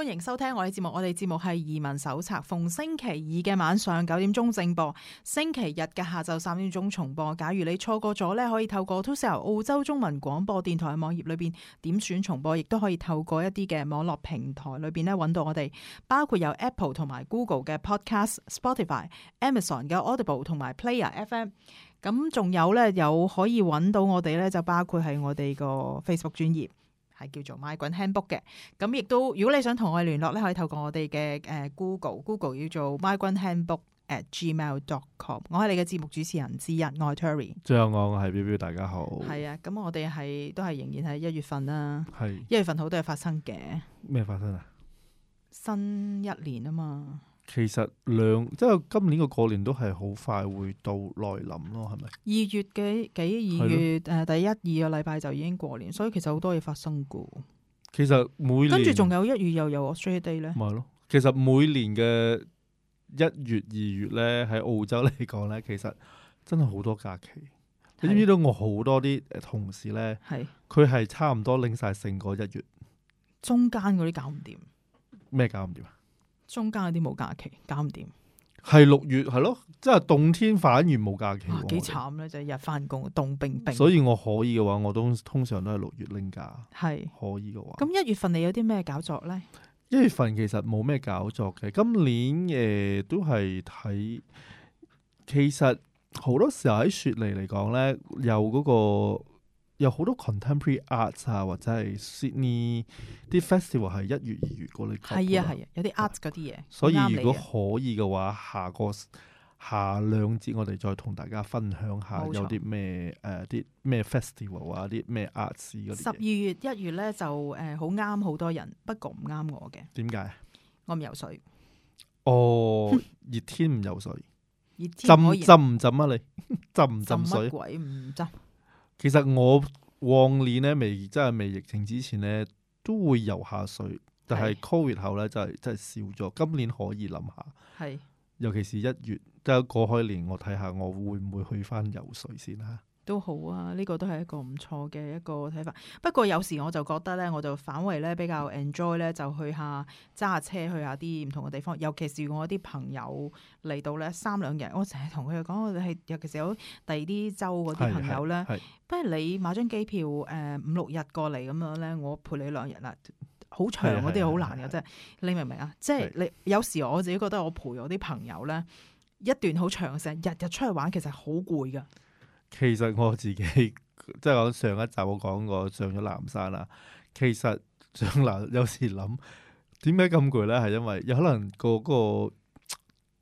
歡迎收聽我哋節目，我哋節目係移民手冊，逢星期二嘅晚上九點鐘正播，星期日嘅下晝三點鐘重播。假如你錯過咗咧，可以透過 To s e 澳洲中文廣播電台嘅網頁裏邊點選重播，亦都可以透過一啲嘅網絡平台裏邊咧搵到我哋，包括有 Apple 同埋 Google 嘅 Podcast、Spotify、Amazon 嘅 Audible 同埋 Player FM。咁仲有咧，有可以搵到我哋咧，就包括係我哋個 Facebook 專業。係叫做 Migrant Handbook 嘅，咁亦都如果你想同我哋聯絡咧，可以透過我哋嘅誒 Go Google，Google 叫做 Migrant Handbook at Gmail dot com。我係你嘅節目主持人之一，我 Terry。最後我我係 Bill Bill，大家好。係啊，咁我哋係都係仍然係一月份啦，啊。係一是月份好多嘢發生嘅。咩發生啊？新一年啊嘛。其實兩即係今年個過年都係好快會到來臨咯，係咪？二月幾幾二月誒的、呃，第一二個禮拜就已經過年，所以其實好多嘢發生噶。其實每年跟住仲有一月又有 Australia Day 咧。咪咯，其實每年嘅一月二月咧，喺澳洲嚟講咧，其實真係好多假期。的你知唔知道我好多啲同事咧，係佢係差唔多拎晒成個一月，中間嗰啲搞唔掂咩？搞唔掂啊！中間有啲冇假期，搞唔掂。係六月係咯，即係凍天反而冇假期，啊、幾慘咧！就係們日翻工，凍冰冰。所以我可以嘅話，我都通常都係六月拎假。係是可以嘅話，咁一月份你有啲咩搞作咧？一月份其實冇咩搞作嘅，今年誒、呃、都係睇。其實好多時候喺雪梨嚟講咧，有嗰、那個。有好多 contemporary arts 啊，或者係 Sydney 啲 festival 係一月二月過嚟。係啊係啊，有啲 arts 嗰啲嘢。所以如果可以嘅話，下個下兩節我哋再同大家分享下有啲咩誒啲咩 festival 啊，啲咩 arts 啲。十二月一月咧就誒好啱好多人，不過唔啱我嘅。點解？我唔游水。哦，熱天唔游水。熱天浸唔浸啊？你浸唔浸水？鬼唔浸。其實我往年咧未真係未疫情之前咧都會游下水，但係 COVID 後，咧就係真係少咗。今年可以諗下，是尤其是一月，即係過開年，我睇下我會唔會去翻游水先啦。都好啊，呢、呢個都係一個唔錯嘅一個睇法。不過有時我就覺得咧，我就反為咧比較 enjoy 咧，就去下揸下車去下啲唔同嘅地方。尤其是我啲朋友嚟到咧三兩日，我成日同佢哋講，我係尤其是有第二啲州嗰啲朋友咧，是是是不如你買張機票誒、呃、五六日過嚟咁樣咧，我陪你兩日啦，好長嗰啲好難嘅啫。是是是是你明唔明啊？即係你有時我自己覺得我陪我啲朋友咧一段好長嘅時間，日日出去玩其實好攰噶。其實我自己即係我上一集我講過上咗南山啦。其實上南有時諗，點解咁攰咧？係因為有可能個個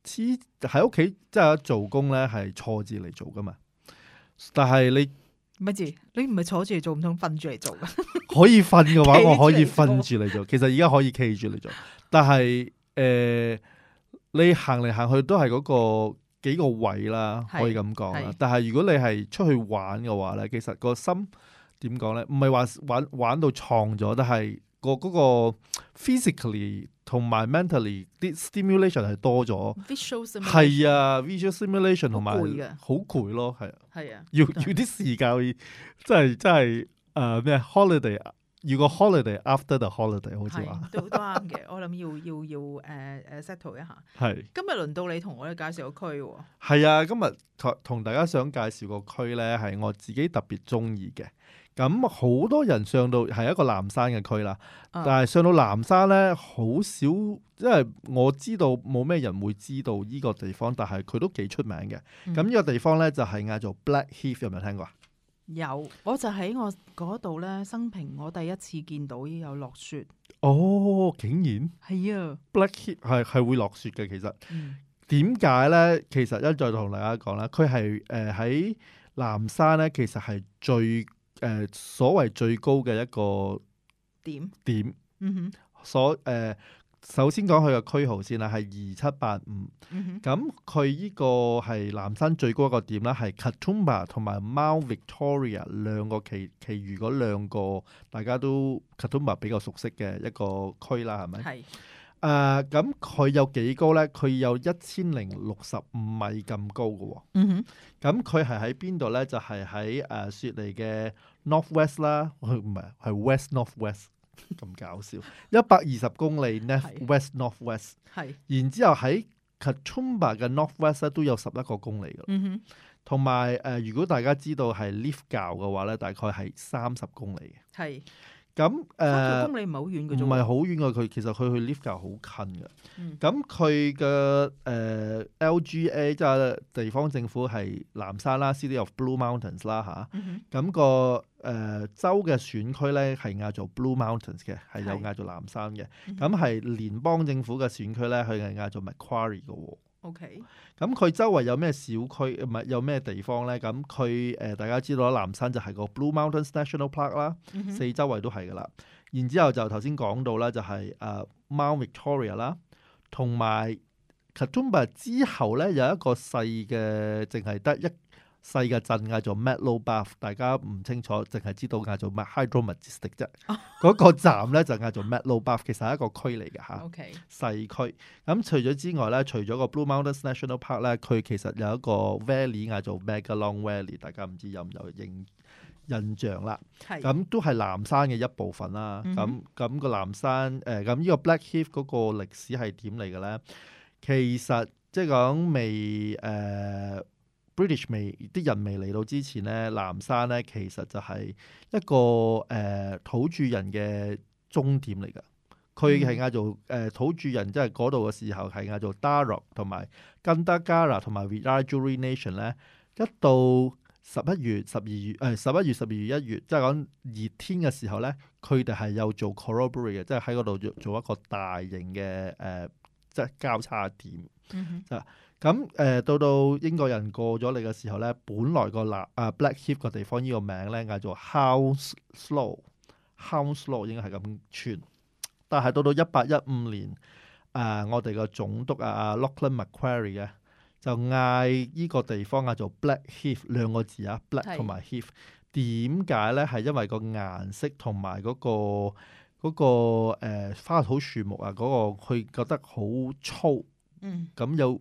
喺屋企即係做工咧係坐住嚟做噶嘛。但係你咪住？你唔係坐住嚟做，唔通瞓住嚟做噶？可以瞓嘅話， 我可以瞓住嚟做。 其實而家可以企住嚟做。但係誒、呃，你行嚟行去都係嗰個幾個位啦，的可以咁講啦。的但係如果你係出去玩嘅話咧，其實個心點講咧，唔係話玩玩到創咗，但係個嗰個 physically 同埋 mentally 啲 stimulation 係多咗。v 係啊，visual stimulation t 同埋好攰咯，係啊的，要要啲時間，即係即係誒咩 holiday 啊。要個 holiday after the holiday 是好似話，都都啱嘅。 我諗要要要誒誒、uh, uh, settle 一下。係是今日輪到你同我哋介紹個區喎。係啊，今日同大家想介紹個區咧，係我自己特別中意嘅。咁好多人上到係一個南山嘅區啦，uh. 但係上到南山咧，好少，因為我知道冇咩人會知道依個地方，但係佢都幾出名嘅。咁依、嗯、個地方咧就係嗌做 Blackheath，有冇人聽過啊？有，我就喺我嗰度咧，生平我第一次見到有落雪。哦，竟然係啊呀！Blackheath 係係會落雪嘅，其實點解咧？其實一再同大家講啦，佢係誒喺南山咧，其實係最誒、呃、所謂最高嘅一個點點。點嗯哼，所誒。呃首先講佢個區號先啦，係二七八五。咁佢依個係南山最高一個點啦，係 Katoomba 同埋 Mount Victoria 兩個其其餘嗰兩個大家都 Katoomba 比較熟悉嘅一個區啦，係咪？係是。咁佢、呃、有幾高咧？佢有一千零六十五米咁高㗎喎。嗯哼。咁佢係喺邊度咧？就係喺誒雪梨嘅 Northwest 啦、呃，唔係係 West Northwest。咁搞笑，一百二十公里，north west northwest，係，然之後喺 Katoomba 嘅 northwest 咧都有十一個公里嘅，嗯哼，同埋誒，如果大家知道係 Lithgow 嘅話咧，大概係三十公里嘅，係。咁誒，唔係好遠嘅佢，呃、其實佢去 lift 架好近嘅。咁佢嘅誒 LGA 即係地方政府係南山啦，City of Blue Mountains 啦、啊、吓？咁、嗯哼咁個誒、呃、州嘅選區咧係嗌做 Blue Mountains 嘅，係是有嗌做南山嘅。咁係、嗯、哼聯邦政府嘅選區咧，佢係嗌做 Macquarie 嘅喎、哦。OK，咁佢周圍有咩小區，唔係有咩地方咧？咁佢誒大家知道啦，南山就係個 Blue Mountains National Park 啦，四周圍都係噶啦。然之後就頭先講到啦、就是，就係誒 Mount Victoria 啦，同埋 Katoomba 之後咧有一個細嘅，淨係得一。細嘅鎮嗌做 Medlow Bath，大家唔清楚，淨係知道嗌做咩 Hydro Majes tic 啫。嗰個站咧就嗌做 Medlow Bath，其實係一個區嚟嘅嚇。OK，細區。咁除咗之外咧，除咗個 Blue Mountains National Park 咧，佢其實有一個 Valley 嗌做 Megalong Valley，大家唔知有唔有印印象啦。咁是都係藍山嘅一部分啦。咁咁個藍山誒咁呢個 Blackheath 嗰個歷史係點嚟嘅咧？其實即係講未誒。呃 British 未啲人未嚟到之前咧，南山咧其實就係一個誒、呃、土著人嘅終點嚟㗎。佢係嗌做誒、呃、土著人，即係嗰度嘅時候係嗌做 Darug 同埋 Gundungurra 同埋 Wiradjuri Nation 咧。一到十一月、十二月誒十一月、十二月一月，即係講熱天嘅時候咧，佢哋係有做 corroboree 嘅，即係喺嗰度做一個大型嘅誒即係交叉點。嗯、mm hmm. 咁誒到到英國人過咗嚟嘅時候咧，本來個藍啊 Blackheath 個地方呢個名咧嗌做 Houndslow，Houndslow 應該係咁串。但係到到一八一五年，啊我哋個總督啊 Lachlan Macquarie 咧就嗌依個地方嗌做 Blackheath 兩個字啊，Black 同埋 Heath。點解咧？係因為個顏色同埋嗰個嗰個誒花草樹木啊，嗰個佢覺得好粗。嗯。咁有。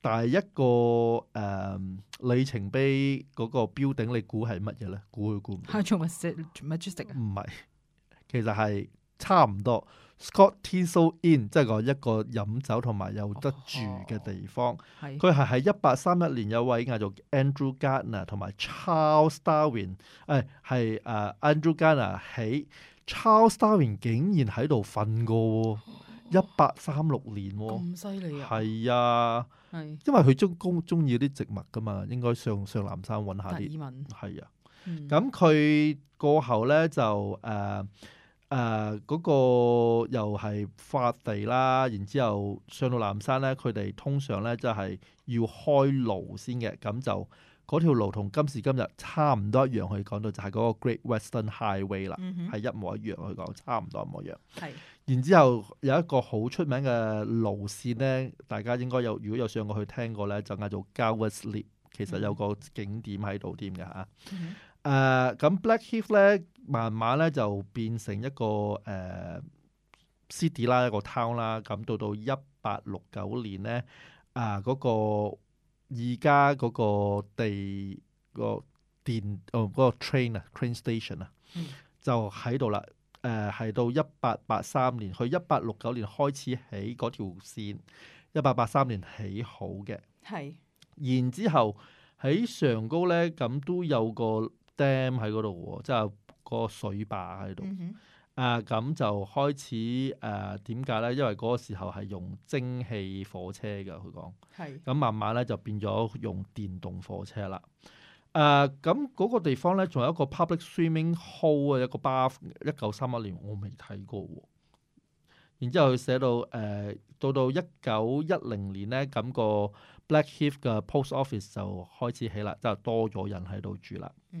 但係一個誒里、嗯、程碑嗰個標頂，你估係乜嘢咧？估去估唔？係做乜食？做乜裝飾唔係，其實係差唔多。Scotch Thistle Inn 即係個一個飲酒同埋有得住嘅地方。佢係喺一八三一年有一位嗌做 Andrew Gardner 同埋 Charles Darwin、哎。誒，係、uh, 誒 Andrew Gardner 喺、oh. Charles Darwin 竟然喺度瞓過，一八三六年、哦。咁犀利啊！係啊。因為佢中公中意啲植物噶嘛，應該上上南山揾下啲。係啊，咁佢的、嗯、過後咧就誒誒嗰個又係發地啦，然之後上到南山咧，佢哋通常咧就係、是、要開路先嘅，咁就。嗰條路同今時今日差唔多一樣，可以講到就係嗰個 Great Western Highway 啦，係、嗯、哼一模一樣，可以講差唔多一模一樣。係是，然之後有一個好出名嘅路線咧，嗯、哼大家應該有如果有上過去聽過咧，就嗌做 Govetts Leap，l、嗯、哼其實有個景點喺度添㗎嚇。誒、嗯哼，咁、啊、Blackheath 咧，慢慢咧就變成一個誒、呃、city 啦，一個 town 啦、啊。咁到到一八六九年咧，啊嗰、那個。而家嗰個地個電哦嗰個 train 啊 train station 啊，就喺度啦。誒，喺到一八八三年，佢一八六九年開始起嗰條線，一八八三年起好嘅。係，然之後喺上高咧，咁都有個 dam 喺嗰度喎，即係個水壩喺度。嗯啊，咁就開始誒點解咧？因為嗰個時候係用蒸汽火車嘅，佢講。係是。咁、啊、慢慢咧就變咗用電動火車啦。誒、啊，咁嗰個地方咧仲有一個 public swimming hall 啊，一個 b a f f 一九三一年我未睇過喎。然之後佢寫到誒、呃，到到一九一零年咧，咁、那個 Blackheath 嘅 post office 就開始起啦，就多咗人喺度住啦。嗯。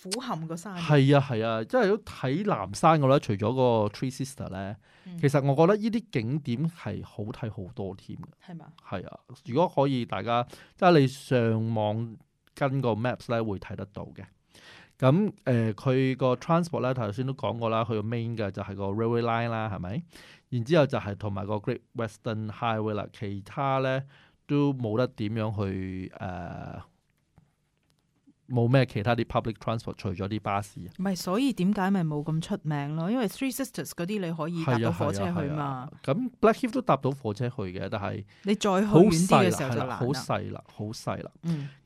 俯瞰個山係啊，係啊，即係如果睇南山嘅話，除咗個 Tree Sister 咧，嗯，其實我覺得呢啲景點係好睇好多添嘅。係嘛嗎？係啊，如果可以大家即係你上網跟個 Maps 咧，會睇得到嘅。咁誒，佢個 Transport 咧，頭先都講過啦，佢個 Main 嘅就係個 Railway Line 啦，係咪？然之後就係同埋個 Great Western Highway 啦，其他咧都冇得點樣去誒。呃冇咩其他啲 public transport，除咗啲巴士。唔係，所以點解咪冇咁出名咯？因為 Three Sisters 嗰啲你可以搭到火車去嘛。咁、啊啊啊、Blackheath 都搭到火車去嘅，但係你再好遠啲嘅時候就好細啦，好細啦。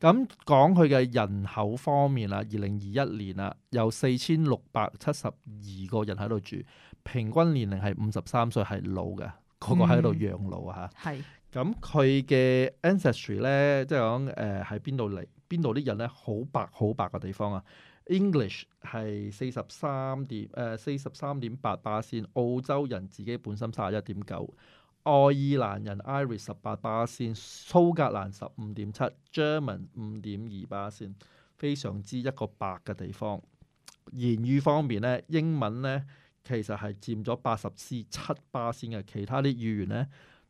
咁講佢嘅人口方面啦，二零二一年啦，有四千六百七十二個人喺度住，平均年齡係五十三歲，係老嘅，個個喺度養老啊嚇。係、嗯。哈咁佢嘅 ancestry 咧，即係講誒喺邊度嚟？邊度啲人咧好白好白嘅地方啊！English 係四十三點誒四十三點八巴線，澳洲人自己本身卅一點九，愛爾蘭人 Irish 十八巴線，蘇格蘭十五點七，German 五點二巴線，非常之一個白嘅地方。言語方面咧，英文咧其實係佔咗八十四七巴線嘅，其他啲語言咧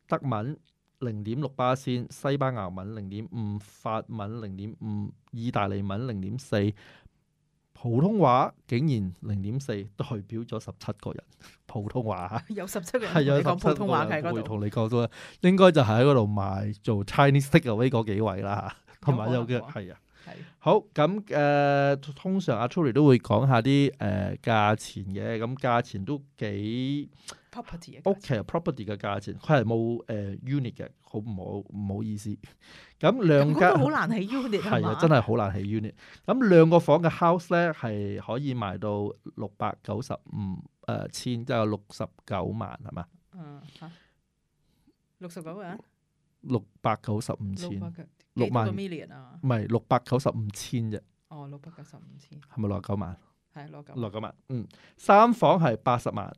德文。零點六八先，西班牙文零點五，法文零點五，意大利文零點四，普通話竟然零點四，代表咗十七個人。普通話有十七個人喺度講普通話，喺嗰度會同你溝通咧，應該就係喺嗰度賣做 Chinese takeaway 嗰幾位啦，同埋有嘅係啊。是好，咁誒、嗯，通常阿 Tury 都會講下啲誒價錢嘅，咁價錢都幾 property，屋企其實 property 嘅價錢，佢係冇誒 unit 嘅，好唔好唔好意思。咁兩間好難起 unit，係啊，真係好難起 unit。咁兩個房嘅 house 咧係可以賣到六百九十五誒千，即係六十九萬係嘛？六十九萬啊？六百九十五千。六萬，唔係六百九十五千啫。哦，六百九十五千，係咪六九萬？係六九萬，嗯，三房係八十萬，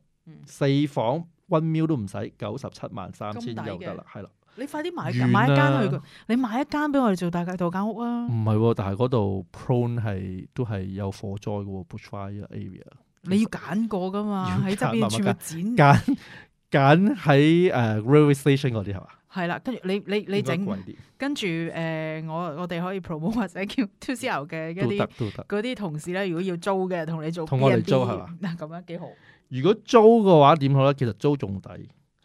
四房 one million 都唔使九十七萬三千又得啦，係啦。你快啲買，買一間去，你買一間俾我哋做大街道間屋啊？唔係，但係嗰度 prone 係都係有火災嘅，fire area。你要揀過噶嘛？喺側邊全部剪揀揀喺誒 railway station 嗰啲係嘛？係啦，跟住你你你整，貴啲跟住誒、呃，我我哋可以 promote 或者叫 to sell 嘅一啲嗰啲同事咧，如果要租嘅，同你做、B、B, 同我哋租係嘛？嗱，咁樣幾好。如果租嘅話點好咧？其實租仲抵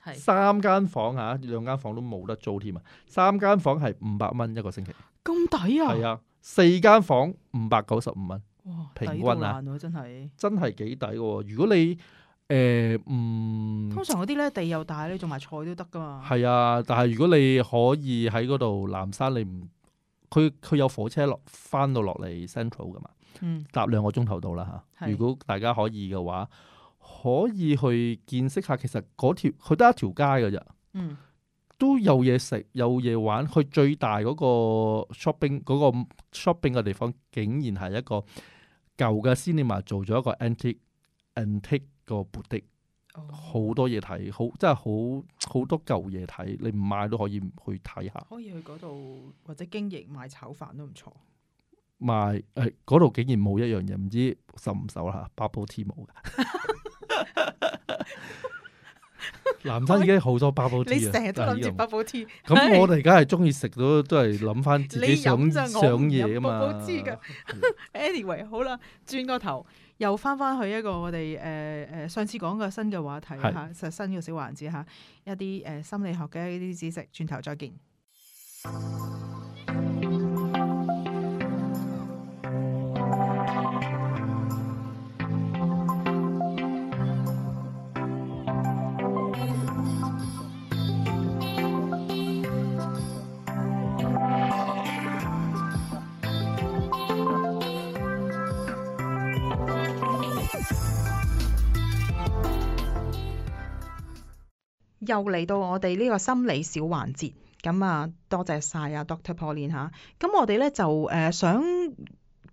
是，三間房吓，兩間房都冇得租添啊！三間房係五百蚊一個星期，咁抵啊！係啊，四間房五百九十五蚊，哇，平均啊，得難啊真係真係幾抵嘅。如果你誒、欸，嗯，通常嗰啲咧地又大咧，種埋菜都得噶嘛。係啊，但係如果你可以喺嗰度藍山，你唔，佢佢有火車落翻到落嚟 Central 噶嘛？搭兩、嗯、個鐘頭到啦吓。如果大家可以嘅話，是可以去見識下。其實嗰條佢得一條街噶咋？嗯、都有嘢食，有嘢玩。佢最大嗰個 shopping 嗰個 shopping 嘅地方，竟然係一個舊嘅 cinema，做咗一個 antique antique。個布的、哦、好多嘢睇，好真係好好多舊嘢睇，你唔買都可以去睇下。可以去嗰度或者經營賣炒飯都唔錯。賣誒，嗰、哎、度竟然冇一樣嘢，唔知十五手啦，bubble tea 冇㗎。南山已經好多 bubble tea、哎，你成日都食 bubble tea。咁是我哋而家係中意食到，都係諗翻自己想想嘢啊我不 嘛。Anyway，好啦，轉個頭。又翻翻去一個我哋誒誒上次講嘅新嘅話題嚇，是新新嘅小環節嚇，一啲誒、呃、心理學嘅一啲知識，轉頭再見。又嚟到我哋呢個心理小環節，咁啊多謝晒啊 Doctor Pauline 嚇，咁我哋咧就誒、呃、想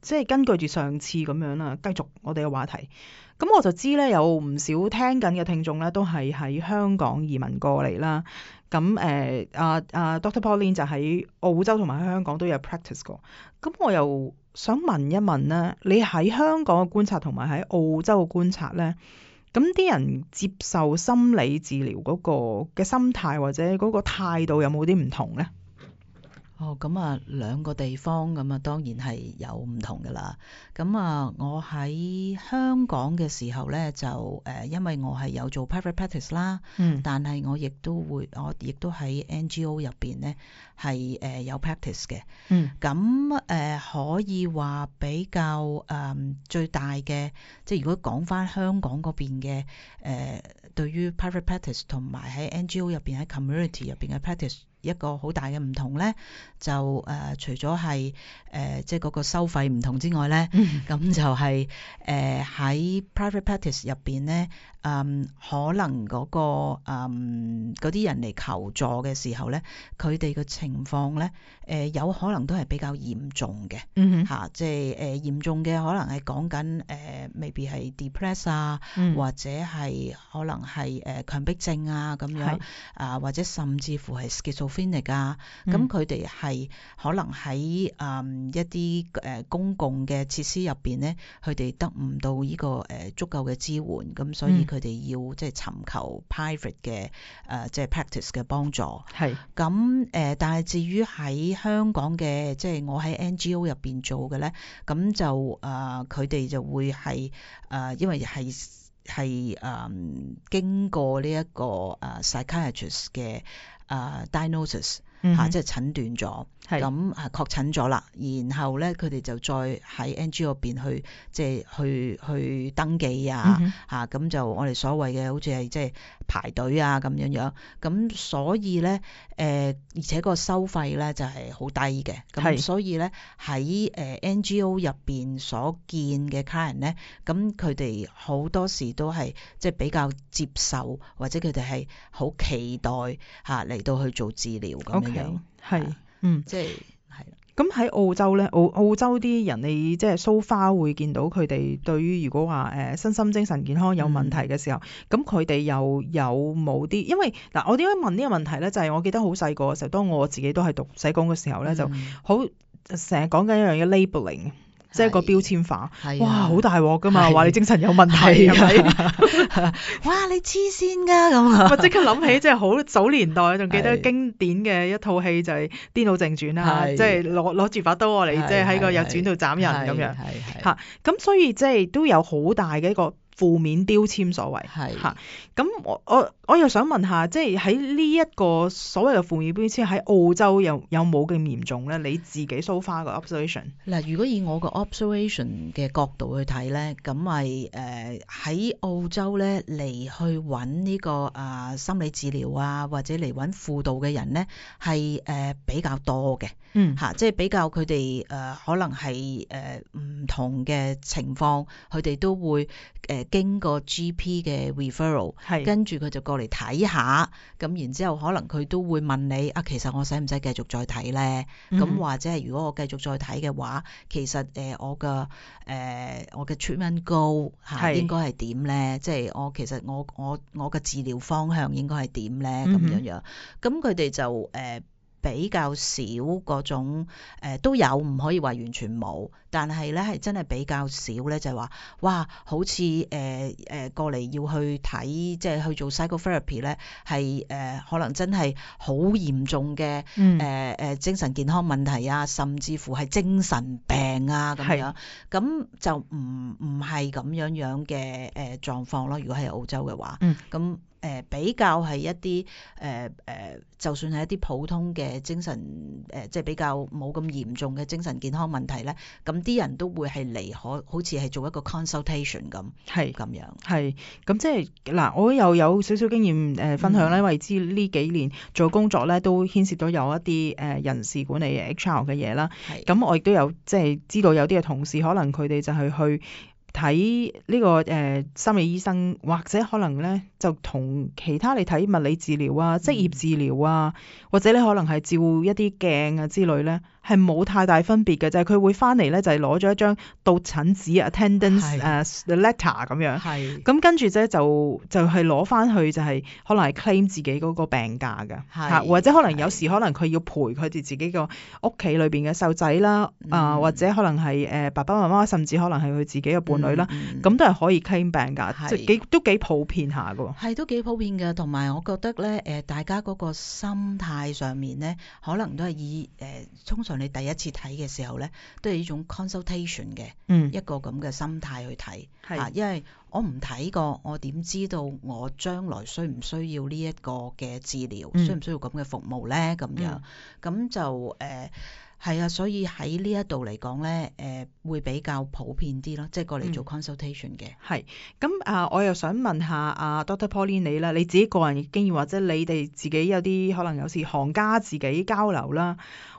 即係根據住上次咁樣啦，繼續我哋嘅話題。咁我就知咧有唔少聽緊嘅聽眾咧，都係喺香港移民過嚟啦。咁誒、呃、啊啊 Doctor Pauline 就喺澳洲同埋香港都有 practice 過。咁我又想問一問咧，你喺香港嘅觀察同埋喺澳洲嘅觀察咧？咁啲人接受心理治療嗰個嘅心態或者嗰個態度有冇啲唔同咧？哦，咁啊，兩個地方咁啊，當然係有唔同噶啦。咁啊，我喺香港嘅時候咧，就誒，因為我係有做 private practice 啦，嗯，但係我亦都會，我亦都喺 NGO 入邊咧，係誒有 practice 嘅，嗯，咁誒可以話比較誒最大嘅，即係如果講翻香港嗰邊嘅誒，對於 private practice 同埋喺 NGO 入邊喺 community 入邊嘅 practice。一個好大嘅唔同咧，就誒、呃、除咗係誒即係嗰個收費唔同之外咧，咁 就係、是、誒喺、呃、private practice 入邊咧。嗯，可能嗰、那個嗰啲、嗯、人嚟求助嘅時候咧，佢哋嘅情況咧，誒、呃、有可能都係比較嚴重嘅，嗯，即係誒嚴重嘅可能係講緊誒未必係 depress 啊，呃 dep or，嗯、或者係可能係誒、呃、強迫症啊咁樣，是啊或者甚至乎係 schizophrenic 啊，咁佢哋係可能喺嗯、呃、一啲誒公共嘅設施入邊咧，佢哋得唔到呢、這個誒足夠嘅支援，咁所以、嗯。佢哋要即係尋求 private 嘅誒、呃，即係 practice 嘅幫助。係咁誒，但係至於喺香港嘅，即係我喺 NGO 入邊做嘅咧，咁就誒，佢哋就會係誒、呃，因為係係誒經過呢一個誒 psychiatrist 嘅誒、呃、diagnosis 嚇、嗯哼，即係診斷咗。咁啊，嗯、確診咗啦，然後咧，佢哋就再喺 NGO 嗰邊去，即、就、係、是、去去登記啊，嚇咁、嗯哼啊、就我哋所謂嘅好似係即係排隊啊咁樣樣。咁所以咧，誒、呃、而且個收費咧就係好低嘅。咁所以咧喺誒 NGO 入邊所見嘅 client i e 咧，咁佢哋好多時都係即係比較接受，或者佢哋係好期待嚇嚟、啊、到去做治療咁樣樣，係 Okay,、啊。嗯，即係係啦。咁喺、嗯、澳洲咧，澳澳洲啲人，你即係 so far 會見到佢哋對於如果話誒、呃、身心精神健康有問題嘅時候，咁佢哋又有冇啲？因為嗱、啊，我點解問呢個問題咧？就係、是、我記得好細個嘅時候，當我自己都係讀西工嘅時候咧，就好成日講緊一樣嘢 labeling。即係個標籤化，哇！好大鑊㗎嘛，話你精神有問題係咪？哇！你黐線㗎咁啊！我即刻諗起，即係好早年代，仲記得經典嘅一套戲就係《癲佬正傳》啦，即係攞攞住把刀我嚟，即係喺個有轉度斬人咁樣，嚇，咁所以即係都有好大嘅一個。負面標籤所謂，係嚇是。咁、啊、我我我又想問下，即係喺呢一個所謂嘅負面標籤喺澳洲有有冇咁嚴重咧？你自己 so far 個 observation？嗱，如果以我個 observation 嘅角度去睇咧，咁係誒喺澳洲咧嚟去揾呢、這個啊、呃、心理治療啊或者嚟揾輔導嘅人咧係誒比較多嘅，嗯嚇、啊，即係比較佢哋誒可能係誒唔同嘅情況，佢哋都會誒。呃呃呃經過 GP 嘅 referral，是跟住佢就過嚟睇下，咁然之後可能佢都會問你啊，其實我使唔使繼續再睇咧？咁、嗯、哼或者係如果我繼續再睇嘅話，其實誒、呃、我嘅誒、呃、我嘅 treatment goal 應該係點咧？是即係我其實我我我嘅治療方向應該係點咧？咁樣、嗯、哼樣，咁佢哋就誒。呃比較少嗰種、呃、都有，唔可以話完全冇，但係咧係真係比較少咧，就係、是、話哇，好似誒誒過嚟要去睇，即係去做 psychotherapy 咧，係誒、呃、可能真係好嚴重嘅誒誒精神健康問題啊，甚至乎係精神病啊咁樣，咁是就唔唔係咁樣樣嘅誒狀況咯。如果喺澳洲嘅話，咁、嗯。誒、呃、比較係一啲誒誒，就算係一啲普通嘅精神誒、呃，即係比較冇咁嚴重嘅精神健康問題咧，咁啲人都會係嚟可，好似係做一個 consultation 咁，係咁樣，係咁是樣，即係嗱，我又有少少經驗誒、呃、分享咧，因為知呢幾年做工作咧都牽涉到有一啲誒人事管理嘅 e x HR 嘅嘢啦，咁是我亦都有即係知道有啲嘅同事可能佢哋就係去。睇呢個誒心理醫生，或者可能咧就同其他你睇物理治療啊、職業治療啊，或者你可能係照一啲鏡啊之類咧，係冇太大分別嘅，就係、是、佢會翻嚟咧就係攞咗一張到診紙 attendance 誒 letter） 咁樣，咁是跟住咧就就係攞翻去就係可能係 claim 自己個病假嘅吓是或者可能有時可能佢要陪佢哋自己個屋企裏邊嘅細仔啦，啊或者可能係誒爸爸媽媽甚至可能係佢自己嘅伴。女啦，咁、嗯、都係可以 claim 病假噶，即係幾都幾普遍下噶。係都幾普遍嘅，同埋我覺得咧，誒大家嗰個心態上面咧，可能都係以誒、呃，通常你第一次睇嘅時候咧，都係呢種 consultation 嘅、嗯、一個咁嘅心態去睇，嚇的，因為我唔睇過，我點知道我將來需唔需要呢一個嘅治療，嗯、需唔需要咁嘅服務咧？咁樣咁就誒。嗯係啊，所以喺呢一度嚟講咧，誒、呃、會比較普遍啲咯，即係過嚟做 consultation 嘅、嗯。係，咁、嗯、啊，我又想問,問下啊，Doctor Pauline 你啦，你自己個人經驗或者你哋自己有啲可能有時行家自己交流啦，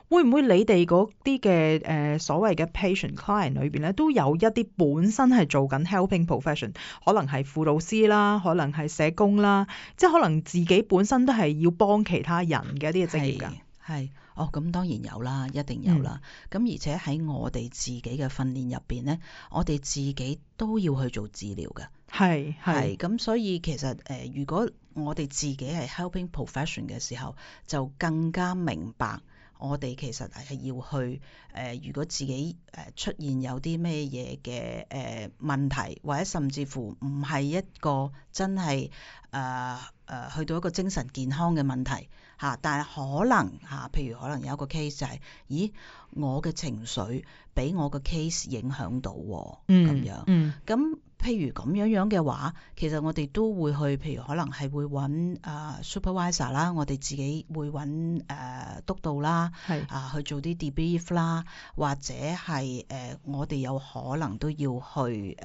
會唔會你哋嗰啲嘅誒所謂嘅 patient client 裏邊咧，都有一啲本身係做緊 helping profession，可能係輔導師啦，可能係社工啦，即係可能自己本身都係要幫其他人嘅一啲職業㗎。係。哦，咁當然有啦，一定有啦。咁、嗯、而且喺我哋自己嘅訓練入邊咧，我哋自己都要去做治療嘅。係係是。咁所以其實誒、呃，如果我哋自己係 helping profession 嘅時候，就更加明白我哋其實係要去誒、呃。如果自己誒出現有啲咩嘢嘅誒問題，或者甚至乎唔係一個真係誒誒去到一個精神健康嘅問題。嚇，但係可能嚇，譬如可能有一個 case 就係、是，咦，我嘅情緒俾我個 case 影響到、哦，咁、嗯、樣，咁、嗯、譬如咁樣樣嘅話，其實我哋都會去，譬如可能係會揾、呃、supervisor 啦，我哋自己會揾、呃、督導啦，係是啊去做啲 debrief 啦，或者係誒、呃、我哋有可能都要去誒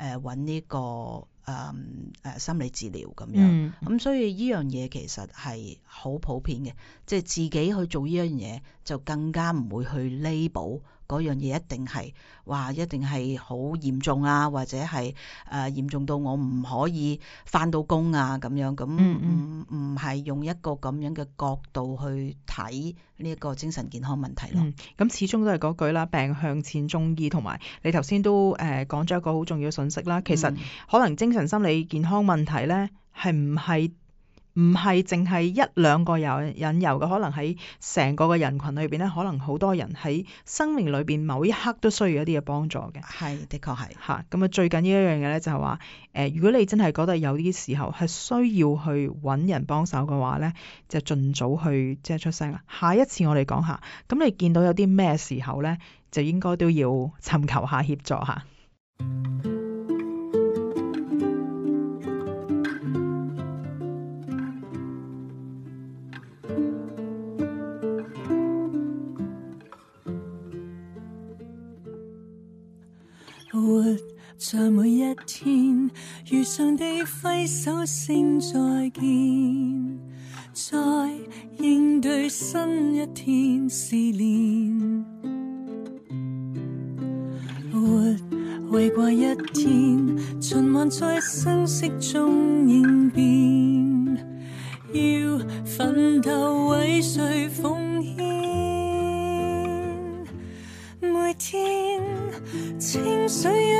誒揾呢個。誒，誒、um, uh, 心理治療咁樣，咁、mm hmm. 嗯、所以依樣嘢其實係好普遍嘅，即係自己去做依樣嘢就更加唔會去 label。嗰樣嘢一定係話一定係好嚴重啊，或者係誒、呃、嚴重到我唔可以返到工啊咁樣，咁唔唔係用一個咁樣嘅角度去睇呢一個精神健康問題咯。咁、嗯、始終都係嗰句啦，病向淺中醫，同埋你頭先都誒講咗一個好重要信息啦。其實可能精神心理健康問題咧，係唔係？唔係淨係一兩個有引誘嘅，可能喺成個嘅人群裏邊咧，可能好多人喺生命裏邊某一刻都需要一啲嘅幫助嘅。係，的確係。吓，咁啊，最緊要一樣嘢咧，就係、是、話，誒、呃，如果你真係覺得有啲時候係需要去揾人幫手嘅話咧，就盡早去即係出聲啦。下一次我哋講下，咁你見到有啲咩時候咧，就應該都要尋求下協助下。在每一天，如常地揮手聲再見，再應對新一天試煉。活為過一天，循環在生息中應變，要奮鬥為誰奉獻？每天清水。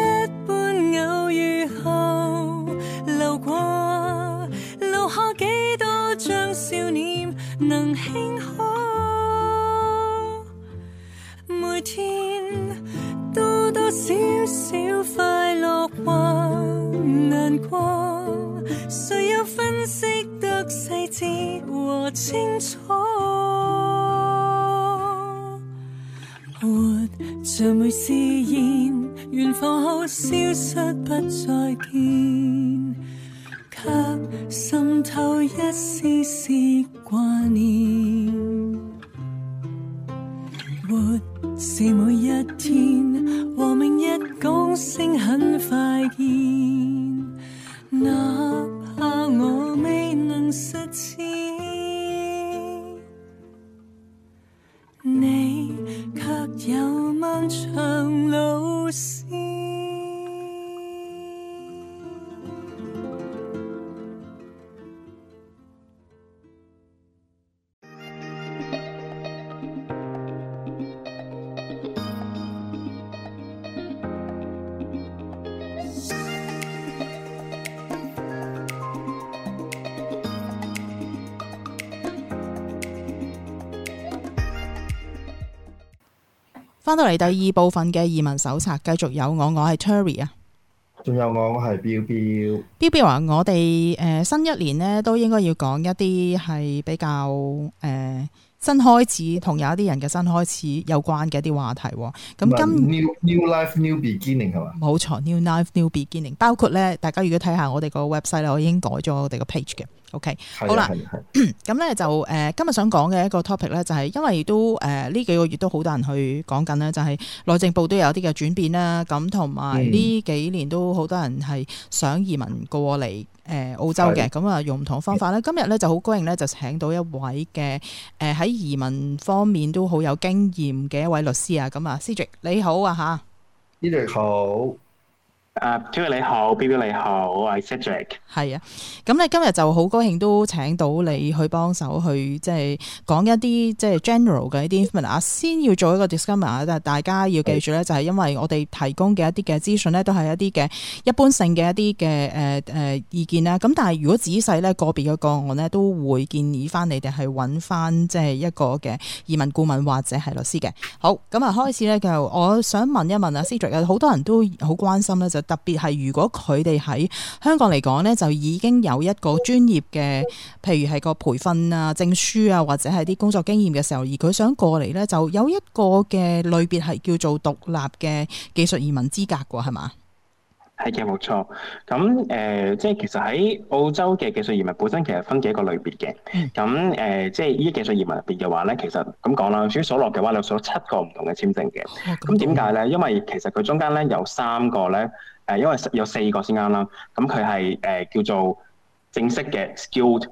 翻到嚟第二部分嘅移民手冊，繼續有我，我係 Tury 啊。仲有我，我係 Bill Bill。Bill Bill 話：我哋誒、呃、新一年呢，都應該要講一啲係比較誒、呃、新開始同有一啲人嘅新開始有關嘅一啲話題。咁今 e New Life New Beginning 係嘛？冇錯，New Life New Beginning 包括呢，大家如果睇下我哋個 website 咧，我已經改咗我哋個 page 嘅。OK，好啦，咁咧 就誒、呃、今日想講嘅一個 topic 咧就係，因為都誒呢、呃、幾個月都好多人去講緊咧，就係內政部都有啲嘅轉變啦，咁同埋呢幾年都好多人係想移民過嚟誒、呃、澳洲嘅，咁啊的用唔同方法咧的。今日咧就好高興咧就請到一位嘅誒喺移民方面都好有經驗嘅一位律師啊，咁啊，Cedric 你好啊吓，呢度好。啊你好 Bill 你好，我係 Cedric。啊，咁咧今日就好高興都請到你去幫手去，即係講一啲即係 general 嘅一啲啊。先要做一個 disclaimer，大家要記住咧，就係因為我哋提供嘅一啲嘅資訊咧，都係一啲嘅一般性嘅一啲嘅誒誒意見啦。咁但係如果仔細咧個別嘅個案咧，都會建議翻你哋係揾翻即係一個嘅移民顧問或者係律師嘅。好，咁啊開始咧就我想問一問啊 Cedric，好多人都好關心咧就。特別係如果佢哋喺香港嚟講咧，就已經有一個專業嘅，譬如係個培訓啊、證書啊，或者係啲工作經驗嘅時候，而佢想過嚟咧，就有一個嘅類別係叫做獨立嘅技術移民資格嘅，係嘛？係嘅，冇錯。咁誒、呃，即係其實喺澳洲嘅技術移民本身其實分幾個類別嘅。咁誒、嗯呃，即係呢啲技術移民入邊嘅話咧，其實咁講啦，至於所落嘅話，有數七個唔同嘅簽證嘅。咁點解咧？為呢因為其實佢中間咧有三個咧。誒，因為有四個先啱啦，咁佢係誒叫做正式嘅 skilled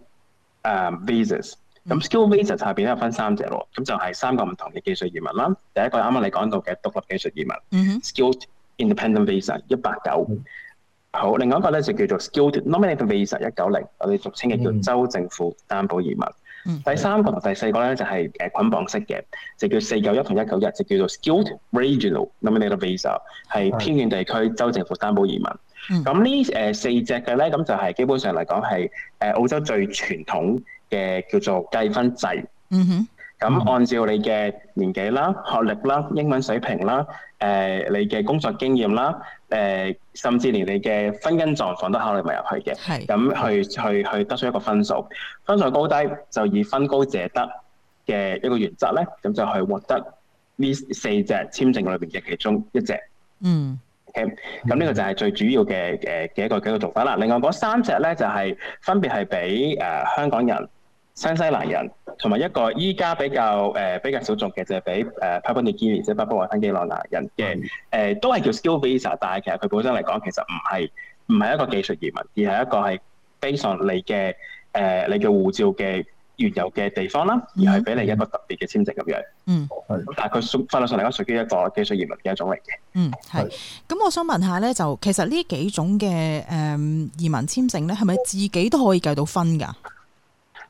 誒 visas。咁 skilled visas 下邊咧有分三隻咯，咁就係三個唔同嘅技術移民啦。第一個啱啱你講到嘅獨立技術移民，skilled independent visa 一八九。好，另外一個咧就叫做 skilled nominated visa 一九零，我哋俗稱嘅叫州政府擔保移民。嗯、第三個同第四個咧就係、是、誒捆綁式嘅，就叫四九一同一九一，就叫做 Skilled Regional 咁 Nominated Visa，係偏遠地區州政府擔保移民。咁、嗯、呢誒四隻嘅咧，咁就係基本上嚟講係誒澳洲最傳統嘅叫做計分制。咁、嗯、哼按照你嘅年紀啦、學歷啦、英文水平啦、誒、呃、你嘅工作經驗啦。誒、呃，甚至連你嘅婚姻狀況都考慮埋入去嘅，係咁是去的去去得出一個分數，分數高低就以分高者得嘅一個原則咧，咁就去獲得呢四隻簽證裏邊嘅其中一隻。嗯、okay? 咁呢個就係最主要嘅誒嘅一個幾、嗯、個，個，個做法啦。另外嗰三隻咧就係、是、分別係俾誒香港人。新西蘭人同埋一個依家比較誒、呃、比較少眾嘅就係俾誒帕布內基尼即係巴布亞新幾內亞人嘅誒、呃、都係叫 Skill Visa，但係其實佢本身嚟講其實唔係唔係一個技術移民，而係一個係 base on 你嘅誒、呃、你嘅護照嘅原有嘅地方啦，而係俾你一個特別嘅簽證咁樣。嗯，是但係佢法律上嚟講屬於一個技術移民嘅一種嚟嘅、嗯是。嗯，係。咁我想問下咧，就其實呢幾種嘅誒移民簽證咧，係咪自己都可以計到分㗎？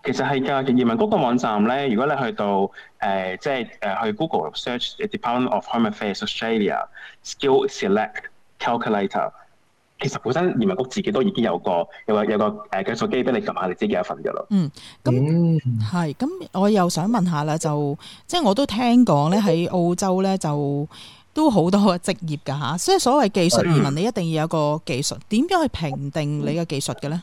其實係噶，移民局個網站咧，如果你去到誒、呃，即係誒去 Google search Department of Home Affairs Australia Skill Select Calculator，其實本身移民局自己都已經有個有個有個誒計數機俾你及下你自己嘅一份㗎咯。嗯，咁係。咁、嗯、我又想問下啦，就即係我都聽講咧，喺澳洲咧就都好多嘅職業㗎嚇。所、啊、以所謂技術、嗯、移民，你一定要有個技術。點樣去評定你嘅技術嘅咧？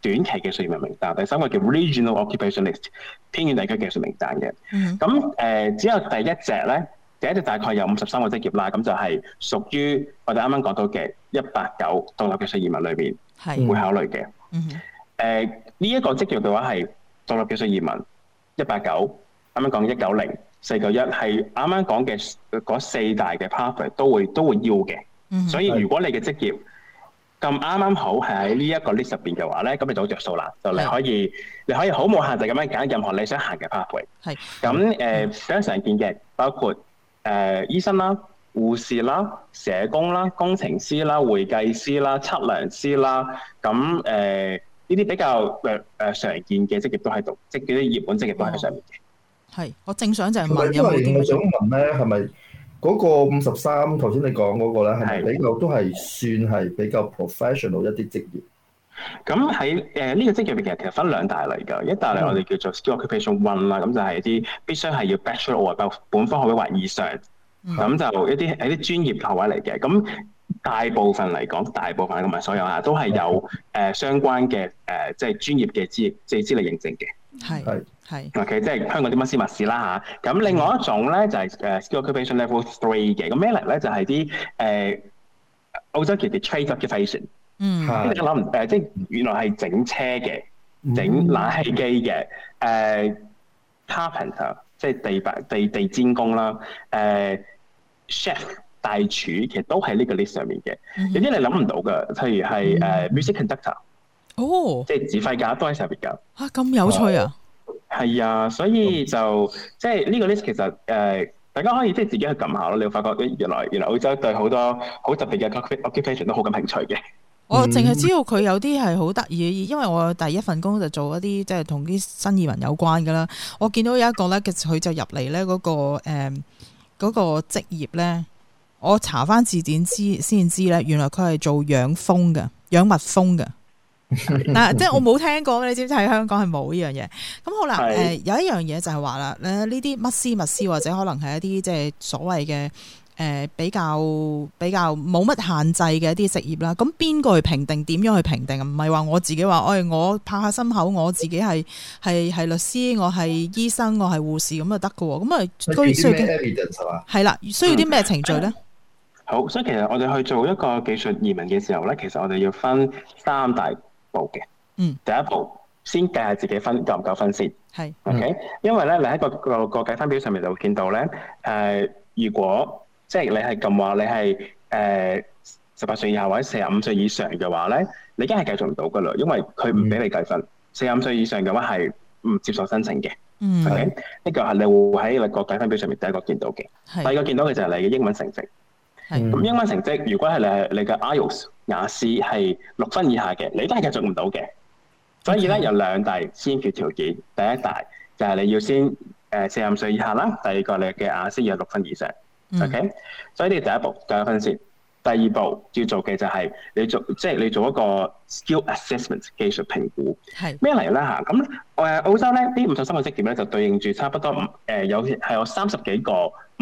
短期嘅技術移民名單，第三個叫 Regional Occupation List，偏遠地區嘅技術移民名單嘅。咁誒、mm hmm. 呃、只有第一隻咧，第一隻大概有五十三個職業啦，咁就係屬於我哋啱啱講到嘅一八九獨立技術移民裏邊的會考慮嘅。誒呢一個職業嘅話係獨立技術移民一八九，啱啱講一九零四九一係啱啱講嘅嗰四大嘅 pathway 都會都會要嘅。Mm hmm. 所以如果你嘅職業、mm hmm. 咁啱啱好係喺呢一個 list 入邊嘅話咧，咁你就有著數啦，就嚟的可以，你可以好冇限制咁樣揀任何你想行嘅 pathway 係，咁誒比較常見嘅，包括誒、呃、醫生啦、護士啦、社工啦、工程師啦、會計師啦、測量師啦，咁誒呢啲比較誒誒常見嘅職業都喺度，即係嗰啲熱門職業都喺上面嘅。係、哦，我正想就係問，因為我想問咧係咪？嗰個五十三，頭先你講嗰個咧，係咪比較的都係算係比較 professional 一啲職業？咁喺誒呢個職業其實其實分兩大類㗎，一大類我哋叫做 skill occupation one 啦，咁就係一啲必須係要 bachelor 外加本科學位或以上，咁的就一啲一啲專業學位嚟嘅。咁大部分嚟講，大部分同埋所有啊，都係有誒的、呃、相關嘅誒即係專業嘅資即係資歷認證嘅。係的。係，OK，即係香港啲乜斯密事啦嚇。咁另外一種咧就係誒 skill occupation level three 嘅。咁咩嚟咧？就係啲誒澳洲叫做 trade occupation。嗯。跟住諗，誒即係原來係整車嘅、整冷氣機嘅、誒 carpenter 即係地板地地尖工啦。誒 chef 大廚其實都喺呢個 list 上面嘅。有啲你諗唔到嘅，譬如係誒 music conductor。哦。即係指揮家都喺上面㗎。嚇咁有趣啊！係啊，所以就即係呢個 list 其實誒、呃，大家可以即係自己去撳下咯，你會發覺原來原來澳洲對好多好特別嘅 occupation 都好感興趣嘅。我淨係知道佢有啲係好得意嘅，因為我第一份工就做一啲即係同啲新移民有關㗎啦。我見到有一個咧，其實佢就入嚟咧嗰個誒、嗰、嗯嗰個職業咧，我查翻字典知先知咧，原來佢係做養蜂嘅、養蜜蜂嘅。嗱， 即係我冇聽過，你知唔知喺香港係冇呢樣嘢？咁好啦，誒是、呃，有一樣嘢就係話啦，咧呢啲乜私乜私或者可能係一啲即係所謂嘅誒比較比較冇乜限制嘅一啲職業啦。咁邊個去評定？點樣去評定？唔係話我自己話、哎，我拍下心口，我自己係係係律師，我係醫生，我係護士咁就得噶？咁、嗯、啊，需需要係啦，需要啲咩程序咧、嗯呃？好，所以其實我哋去做一個技術移民嘅時候咧，其實我哋要分三大。嘅，嗯，第一步先計下自己分夠唔夠分先，係，OK，因為咧你喺個個個計分表上面就會見到咧，誒，如果即係你係咁話，你係誒十八歲以下或者四十五歲以上嘅話咧，你已經係繼續唔到㗎啦，因為佢唔俾你計分。四十五歲以上嘅話係唔接受申請嘅，OK？呢個係你會喺個計分表上面第一個見到嘅，第二個見到嘅就係你嘅英文成績。咁英文成績，如果係你你嘅 IELTS 雅思係六分以下嘅，你都係繼續唔到嘅。所以咧，有兩大先決條件， 第一大就係你要先誒四十五歲以下啦，第二個你嘅雅思要六分以上。 OK，所以你第一步計一分先，第二步要做嘅就係你做即係、就是、你做一個 skill assessment 技術評估。係咩嚟咧嚇？咁 誒樂澳洲咧啲五十三個職業咧就對應住差不多誒有係有三十幾個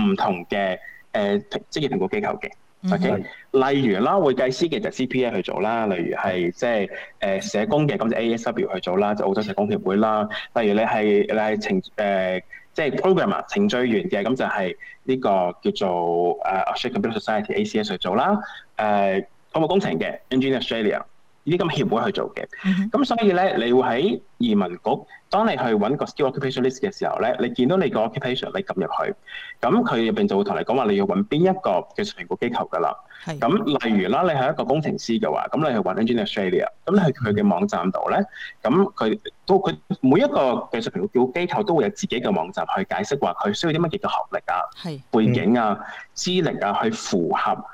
唔同嘅。誒，職業評估機構嘅，OK，、mm hmm. 例如啦，會計師嘅就 CPA 去做啦，例如係即係誒社工嘅咁就 ASW 去做啦，就是、澳洲社工協會啦，例如你係你係程誒即、呃、係、就是、programmer 程序員嘅咁就係呢個叫做誒 Australian Computer Society ACS 去做啦，誒土木工程嘅 Engineers Australia。呢啲咁協會去做嘅，咁、mm hmm. 所以咧，你會喺移民局當你去揾個 skill occupation list 嘅時候咧，你見到你個 occupation，你撳入去，咁佢入邊就會同你講話你要揾邊一個嘅技術評估機構噶啦。咁、mm hmm. 例如啦，你係一個工程師嘅話，咁你去揾 Engineering Australia，咁你去佢嘅網站度咧，咁佢都佢每一個嘅技術評估機構都會有自己嘅網站去解釋話佢需要啲乜嘢嘅學歷啊、mm hmm. 背景啊、資歷啊去符合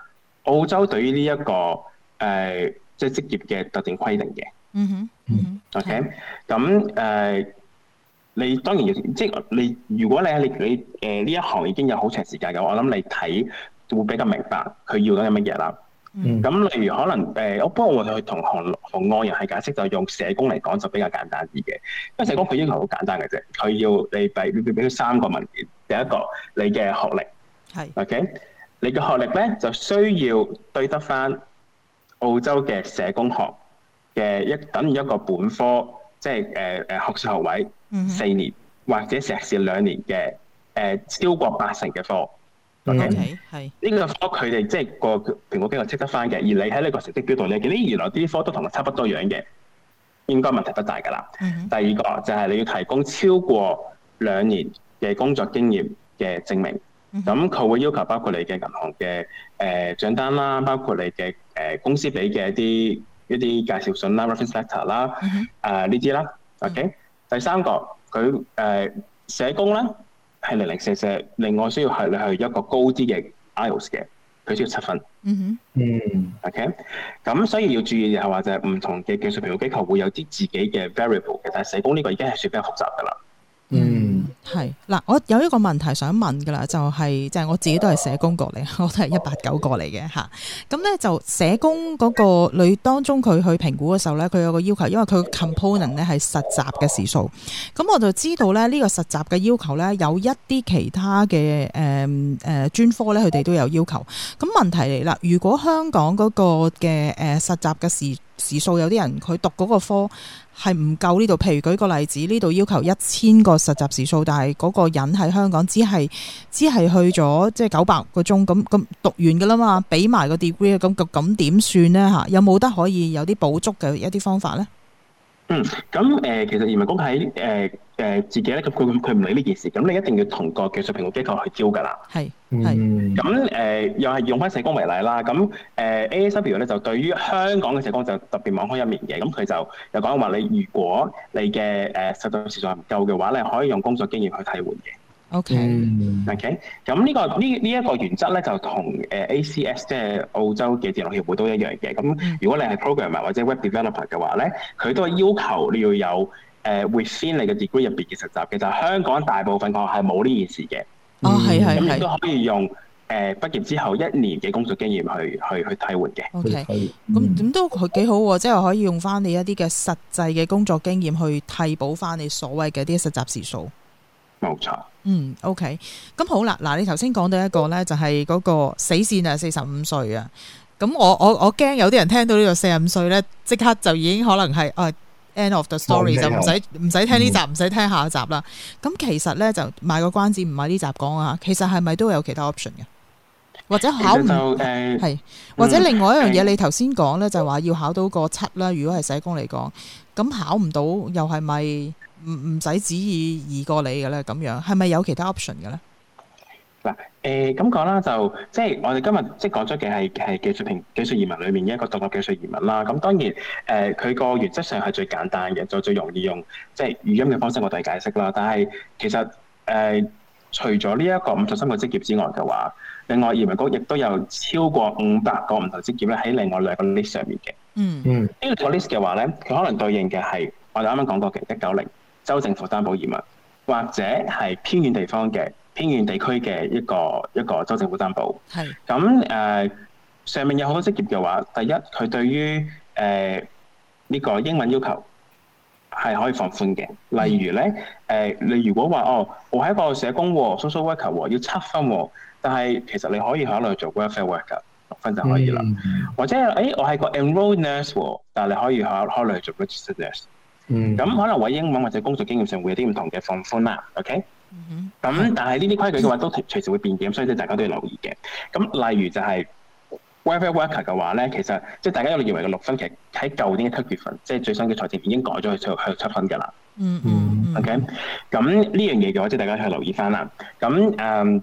澳洲對於呢、這、一個誒。呃即係職業嘅特定規定嘅。嗯哼，OK 咁誒，你當然要即係你，如果你喺你你誒呢、呃、一行已經有好長時間嘅，我諗你睇會比較明白佢要緊有乜嘢啦。咁、嗯、例如可能誒、呃，我幫我去同行行外人去解釋，就用社工嚟講就比較簡單啲嘅，因為社工佢要求好簡單嘅啫，佢的要你俾俾俾三個文件，第一個你嘅學歷，係，OK 的。你嘅學歷咧就需要對得翻。澳洲嘅社工學嘅一等於一個本科，即係誒誒學士學位、mm hmm. 四年，或者碩士兩年嘅誒、呃、超過八成嘅科，OK 呢個科佢哋即係個評估機構識得翻嘅，而你喺呢個成績表度你見到原來啲科都同佢差唔多樣嘅，應該問題不大噶啦。Mm hmm. 第二個就係、是、你要提供超過兩年嘅工作經驗嘅證明，咁佢、mm hmm. 會要求包括你嘅銀行嘅誒賬單啦，包括你嘅。誒、呃、公司俾嘅一啲一啲介紹信啦、reference letter、mm hmm. 呃、啦，誒呢啲啦，OK、mm。Hmm. 第三個佢誒社工啦，係零零四四。另外需要係你係一個高啲嘅 IELTS 嘅，佢需要七分，嗯 OK 咁所以要注意嘅係話就係唔同嘅技術評估機構會有啲自己嘅 variable 嘅，但係社工呢個已經係算比較複雜噶啦，mm hmm. 嗯。係嗱，我有一個問題想問噶啦，就係、是、就係、是、我自己都係社工過嚟，我都係一八九過嚟嘅吓。咁、嗯、咧就社工嗰個女當中，佢去評估嘅時候咧，佢有個要求，因為佢 component 咧係實習嘅時數。咁我就知道咧呢個實習嘅要求咧有一啲其他嘅，誒誒專科咧，佢哋都有要求。咁問題嚟啦，如果香港嗰個嘅誒實習嘅時時數，有啲人佢讀嗰個科係唔夠呢度，譬如舉個例子，呢度要求一千個實習時數，但係嗰個人喺香港只係只係去咗即係九百個鐘，咁咁讀完㗎啦嘛，俾埋個 degree 咁咁點算呢？嚇？有冇得可以有啲補足嘅一啲方法呢？嗯，咁誒、呃、其實移民工喺誒誒自己咧，咁佢佢唔理呢件事，咁你一定要同個技術評估機構去 deal 噶啦。係，係。咁誒、嗯呃、又係用翻社工為例啦，咁誒 AASW 咧就對於香港嘅社工就特別網開一面嘅，咁佢就又講話你如果你嘅誒、呃、實際時數唔夠嘅話咧，你可以用工作經驗去替換嘅。O.K. O.K. 咁呢個呢呢一個原則咧就同誒 A.C.S. 即係澳洲嘅電腦協會都一樣嘅。咁如果你係 programmer 或者 web developer 嘅話咧，佢都係要求你要有誒 within 你嘅 degree 入邊嘅實習嘅。就是、香港大部分學校係冇呢件事嘅。哦、啊，係係，咁你都可以用誒畢業之後一年嘅工作經驗去去去替換嘅。O.K. 咁點、嗯、都佢幾好、啊，即係可以用翻你一啲嘅實際嘅工作經驗去替補翻你所謂嘅啲實習時數。冇錯。嗯，OK。咁好啦，嗱，你頭先講到一個呢，就係、是、嗰個死線啊，四十五歲啊。咁我我我驚有啲人聽到呢個四十五歲呢，即刻就已經可能係啊，end of the story、嗯、就唔使唔使聽呢集，唔使聽下一集啦。咁其實呢，就買個關子，唔買呢集講啊。其實係咪都有其他 option 嘅？或者考唔係，或者另外一樣嘢，嗯、你頭先講呢，就話要考到個七啦。如果係社工嚟講，咁考唔到又係咪？唔唔使旨意移過你嘅咧。咁樣係咪有其他 option 嘅咧？嗱、呃，誒咁講啦，就即係我哋今日即係講咗嘅係係技術評技術移民裏面一個獨立技術移民啦。咁當然誒，佢、呃、個原則上係最簡單嘅，就最容易用即係語音嘅方式我哋解釋啦。但係其實誒、呃，除咗呢一個五十三個職業之外嘅話，另外移民局亦都有超過五百個唔同職業咧喺另外兩個 list 上面嘅。嗯嗯，呢、嗯、個 list 嘅話咧，佢可能對應嘅係我哋啱啱講過嘅一九零。州政府擔保移民，或者係偏遠地方嘅偏遠地區嘅一個一個州政府擔保。係嘅。咁誒、呃、上面有好多職業嘅話，第一佢對於誒呢、呃呢個英文要求係可以放寬嘅。例如咧，誒、呃、你如果話哦，我係一個社工喎，social worker 喎，要七分喎，但係其實你可以考慮做 welfare worker，六分就可以啦。嗯、或者誒、哎，我係個 enrolled nurse 喎，但你可以可考慮做 registered nurse。咁、嗯、可能喺英文或者工作經驗上會有啲唔同嘅放寬啦，OK？咁、嗯嗯、但係呢啲規矩嘅話都隨時會變嘅，所以即大家都要留意嘅。咁例如就係 wifi worker 嘅話咧，其實即係大家有你認為嘅六分，其實喺舊年嘅七月份，即、就、係、是、最新嘅財政已經改咗去去七分噶啦。嗯 okay? 嗯 OK？咁呢樣嘢嘅話，即、就、係、是、大家去留意翻啦。咁誒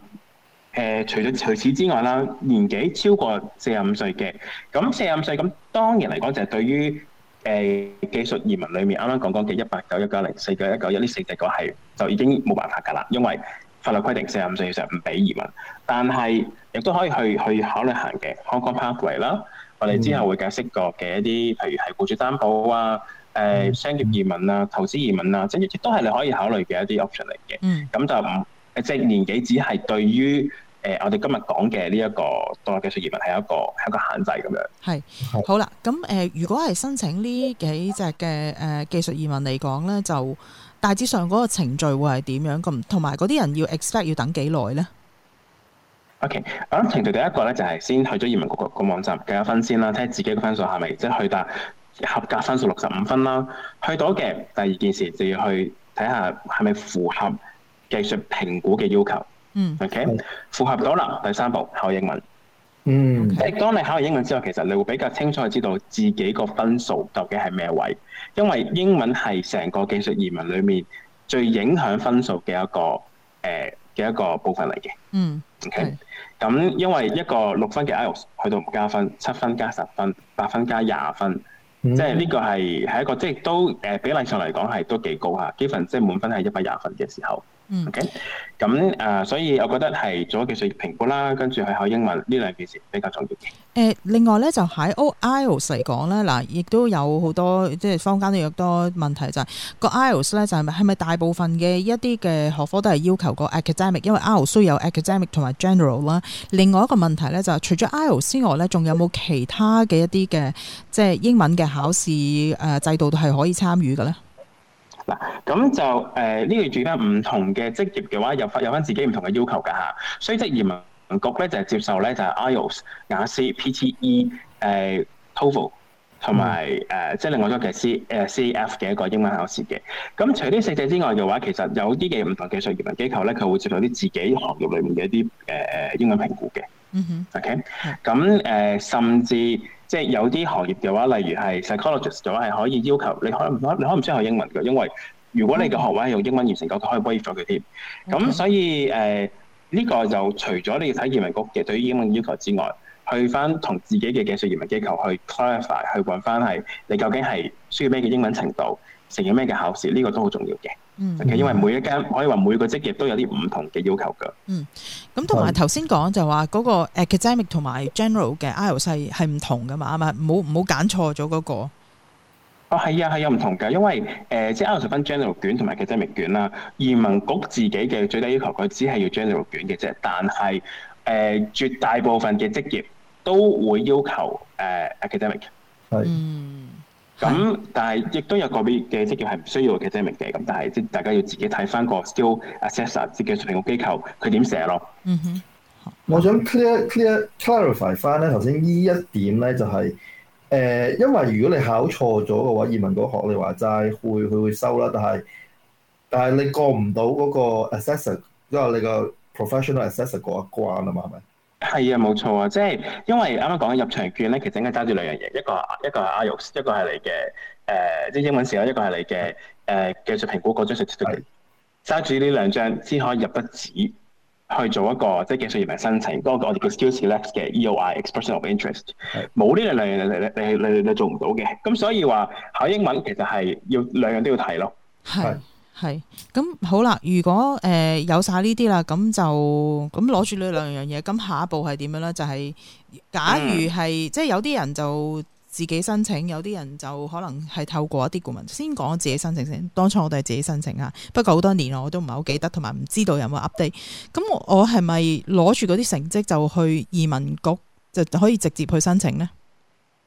誒，除咗除此之外啦，年紀超過四十五歲嘅，咁四十五歲咁當然嚟講就係對於。誒、呃、技術移民裏面啱啱講講嘅一八九一九零四九一九一呢四隻個係就已經冇辦法㗎啦，因為法律規定四十五歲以上唔俾移民，但係亦都可以去去考慮行嘅 Hong Kong Pathway 啦。Mm. 我哋之後會解釋過嘅一啲，譬如係僱主擔保啊、誒、呃、商業移民啊、投資移民啊，即係亦都係你可以考慮嘅一啲 option 嚟嘅。嗯、mm.，咁就唔即係年紀只係對於。誒、呃，我哋今日講嘅呢一個獨立技術移民係一個係一個限制咁樣。係好啦，咁、呃、誒，如果係申請呢幾隻嘅誒技術移民嚟講咧，就大致上嗰個程序會係點樣咁？同埋嗰啲人要 expect 要等幾耐咧？OK，我諗咁程序第一個咧就係、是、先去咗移民局個網站計下分先啦，睇下自己嘅分數係咪即係去到合格分數六十五分啦。去到嘅第二件事就要去睇下係咪符合技術評估嘅要求。嗯，OK，的符合到啦。第三步考英文。嗯，誒，當你考完英文之後，其實你會比較清楚知道自己個分數究竟係咩位，因為英文係成個技術移民裏面最影響分數嘅一個誒嘅、呃、一個部分嚟嘅。嗯，OK，咁的因為一個六分嘅 IELTS 去到唔加分，七分加十分，八分加廿分，嗯、即係呢個係係一個即係都誒、呃、比例上嚟講係都幾高吓。幾分即係滿分係一百廿分嘅時候。嗯咁啊、okay? 嗯，所以我覺得做咗技術評估啦，跟住去考英文呢兩件事比較重要。誒、呃，另外咧就喺 IELTS 嚟講咧，嗱，亦都有好多即係坊間都有好多問題就係個 IELTS 咧，就係咪係咪大部分嘅一啲嘅學科都係要求個 academic，因為 IELTS 雖有 academic 同埋 general 啦。另外一個問題咧就係、是、除咗 IELTS 之外咧，仲有冇其他嘅一啲嘅即係英文嘅考試誒、呃、制度都係可以參與嘅咧？嗱，咁就誒呢、呃這個注翻唔同嘅職業嘅話，有返有返自己唔同嘅要求㗎嚇。所以職業移民局咧就係、是、接受咧就係、是、IELTS、雅思、呃、PTE、誒 TOEFL 同埋誒即係另外一個 C 誒、呃、CF 嘅一個英文考試嘅。咁除呢四隻之外嘅話，其實有啲嘅唔同技術移民機構咧，佢會接受啲自己行業裡面嘅一啲誒、呃、英文評估嘅。嗯哼。OK。咁、呃、誒，甚至。即係有啲行業嘅話，例如係 psychologist 嘅話，係可以要求你可唔可你可唔需要英文嘅？因為如果你嘅學位係用英文完成嘅，都可以 waive 咗佢添。咁所以誒，呢 Okay.、呃呢個就除咗你要睇移民局嘅對於英文要求之外，去翻同自己嘅技術移民機構去 clarify，去揾翻係你究竟係需要咩嘅英文程度，成咗咩嘅考試，呢、呢個都好重要嘅。嗯、因為每一間可以話每個職業都有啲唔同嘅要求噶。嗯，咁同埋頭先講就話嗰、嗰個 academic 同埋 general 嘅 IELTS 係唔同噶嘛？係咪？冇冇揀錯咗嗰個。哦，係啊，係有唔同噶，因為誒、呃，即係 IELTS 分 general 卷同埋 academic 卷啦。移民局自己嘅最低要求，佢只係要 general 卷嘅啫。但係誒、呃，絕大部分嘅職業都會要求誒 academic。呃、ac 是嗯。咁，嗯嗯、但係亦都有個別嘅職業係唔需要嘅證明嘅。咁但係即大家要自己睇翻個 skill assessor 即嘅評估機構佢點寫咯。嗯、哼我想 clear clear clarify 翻咧，頭先呢一點咧就係、是、誒、呃，因為如果你考錯咗嘅話，移民局學你話齋會佢會,會收啦。但係但係你過唔到嗰個 assessor，因、呃、係你個 professional assessor 過一關啊嘛，係咪？係啊，冇錯啊，即係因為啱啱講嘅入場券咧，其實應該揸住兩樣嘢，一個一個係 AIO，一個係你嘅誒即係英文試啦，一個係你嘅誒、呃呃、技術評估嗰張嘢，揸住呢兩張先可以入得紙去做一個即係技術移民申請。嗰、那個我哋叫 Skills Labs 嘅 EOI Expression of Interest，冇呢的兩樣你你你你，你做唔到嘅。咁所以話考英文其實係要兩樣都要睇咯。係。係咁好啦。如果誒、呃、有晒呢啲啦，咁就咁攞住呢兩樣嘢。咁下一步係點樣呢？就係、是、假如係、嗯、即係有啲人就自己申請，有啲人就可能係透過一啲顧問先講自己申請先。當初我哋自己申請啊，不過好多年啦，我都唔係好記得，同埋唔知道有冇 update。咁我我係咪攞住嗰啲成績就去移民局就可以直接去申請呢？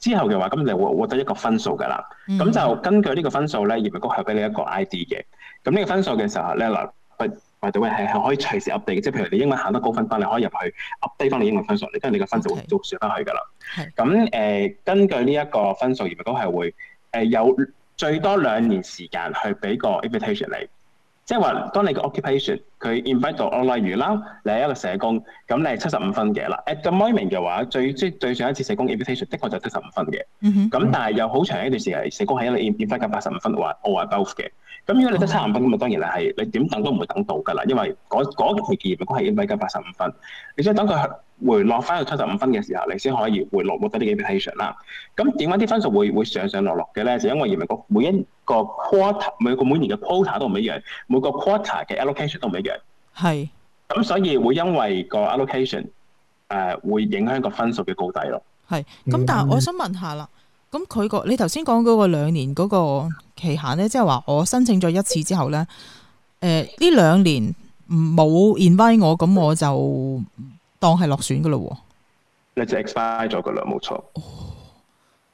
之後嘅話，咁你就會獲得一個分數㗎啦。咁、嗯、就根據呢個分數咧，移民局係俾你一個 I D 嘅。咁呢個分數嘅時候咧，嗱，我哋會係可以隨時 update 嘅。即係譬如你英文考得高分，翻你可以入去 update 翻你英文分數，Okay. 你跟住你個分數就會再轉翻去㗎啦。咁誒 Okay.、呃，根據呢一個分數，移民局係會誒、呃、有最多兩年時間去俾個 invitation 你。即係話，當你嘅 occupation。佢 invite 到我，all, 例如啦，你係一個社工，咁你係七十五分嘅啦。At the moment 嘅話，最最上一次社工 invitation 的確就七十五分嘅。咁、mm hmm. 但係有好長一段時間，社工係一個 invite 八十五分，我話我話 both 嘅。咁如果你得差唔分咁，咪當然係你點等都唔會等到㗎啦，因為嗰嗰期移民局係 invite 八十五分。你即想等佢回落翻到七十五分嘅時候，你先可以回落攞到啲 invitation 啦。咁點解啲分數會會上上落落嘅咧？就因為移民局每一個 quarter 每個每年嘅 quarter 都唔一樣，每個 quarter 嘅 allocation 都唔一樣。係，咁是所以會因為個 allocation 誒、呃、會影響個分數嘅高低咯。係，咁、嗯嗯、但係我想問下啦，咁佢個你頭先講嗰個兩年嗰個期限咧，即係話我申請咗一次之後咧，誒、呃、呢兩年冇 invite 我，咁我就當係落選噶啦、啊。你就 expired 咗噶啦，冇錯。